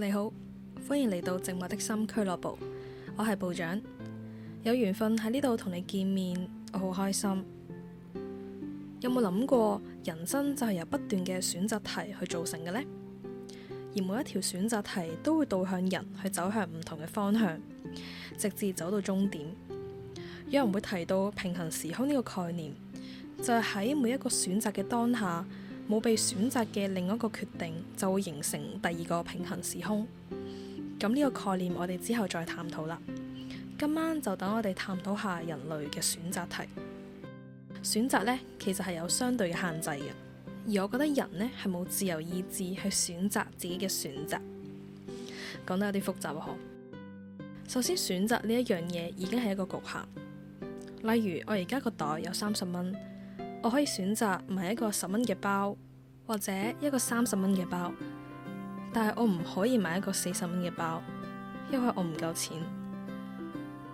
你好，歡迎嚟到寂寞的心俱樂部，我係部長，有緣分喺呢度同你見面，我好開心。有冇諗過，人生就係由不斷嘅選擇題去造成嘅呢？而每一條選擇題都會導向人去走向唔同嘅方向，直至走到終點。有人會提到平衡時空呢個概念，就係、是、喺每一個選擇嘅當下。冇被選擇嘅另一個決定，就會形成第二個平衡時空。咁呢個概念，我哋之後再探討啦。今晚就等我哋探討下人類嘅選擇題。選擇呢其實係有相對嘅限制嘅。而我覺得人呢係冇自由意志去選擇自己嘅選擇。講得有啲複雜啊！呵。首先，選擇呢一樣嘢已經係一個局限。例如，我而家個袋有三十蚊。我可以選擇買一個十蚊嘅包，或者一個三十蚊嘅包，但係我唔可以買一個四十蚊嘅包，因為我唔夠錢。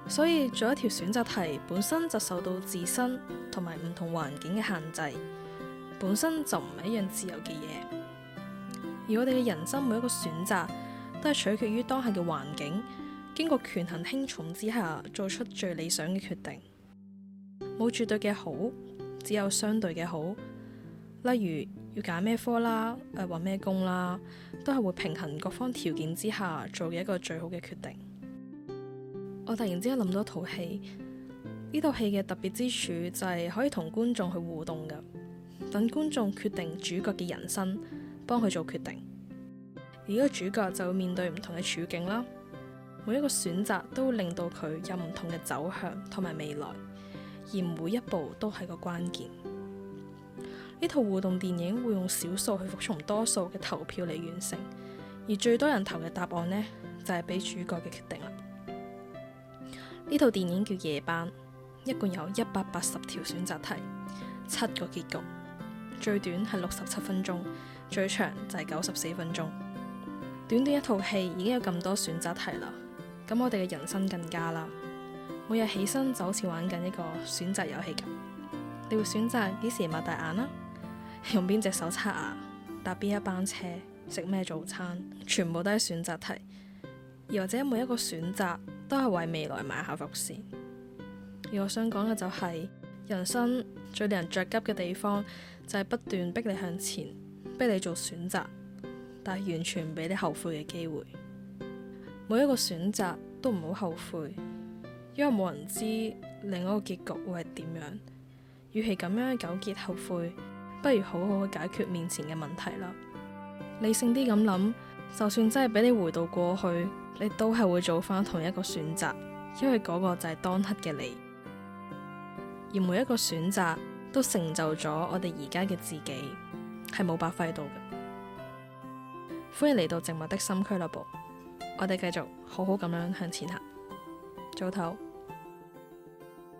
所以做一條選擇題本身就受到自身同埋唔同環境嘅限制，本身就唔係一樣自由嘅嘢。而我哋嘅人生每一個選擇都係取決於當下嘅環境，經過權衡輕重之下，做出最理想嘅決定，冇絕對嘅好。只有相對嘅好，例如要揀咩科啦，誒揾咩工啦，都係會平衡各方條件之下做嘅一個最好嘅決定。我突然之間諗到一套戲，呢套戲嘅特別之處就係可以同觀眾去互動㗎，等觀眾決定主角嘅人生，幫佢做決定。而個主角就會面對唔同嘅處境啦，每一個選擇都會令到佢有唔同嘅走向同埋未來。而每一步都係個關鍵。呢套互動電影會用少數去服從多數嘅投票嚟完成，而最多人投嘅答案呢，就係俾主角嘅決定啦。呢套電影叫《夜班》，一共有一百八十條選擇題，七個結局，最短係六十七分鐘，最長就係九十四分鐘。短短一套戲已經有咁多選擇題啦，咁我哋嘅人生更加啦。每日起身就好似玩緊一個選擇遊戲咁，你會選擇幾時擘大眼啦、啊，用邊隻手刷牙，搭邊一班車，食咩早餐，全部都係選擇題，而或者每一個選擇都係為未來埋下伏線。而我想講嘅就係、是，人生最令人着急嘅地方就係不斷逼你向前，逼你做選擇，但係完全唔俾你後悔嘅機會，每一個選擇都唔好後悔。因為冇人知另一個結局會係點樣，與其咁樣糾結後悔，不如好好去解決面前嘅問題啦。理性啲咁諗，就算真係俾你回到過去，你都係會做翻同一個選擇，因為嗰個就係當刻嘅你。而每一個選擇都成就咗我哋而家嘅自己，係冇白費到嘅。歡迎嚟到寂寞的心俱樂部，我哋繼續好好咁樣向前行，早唞。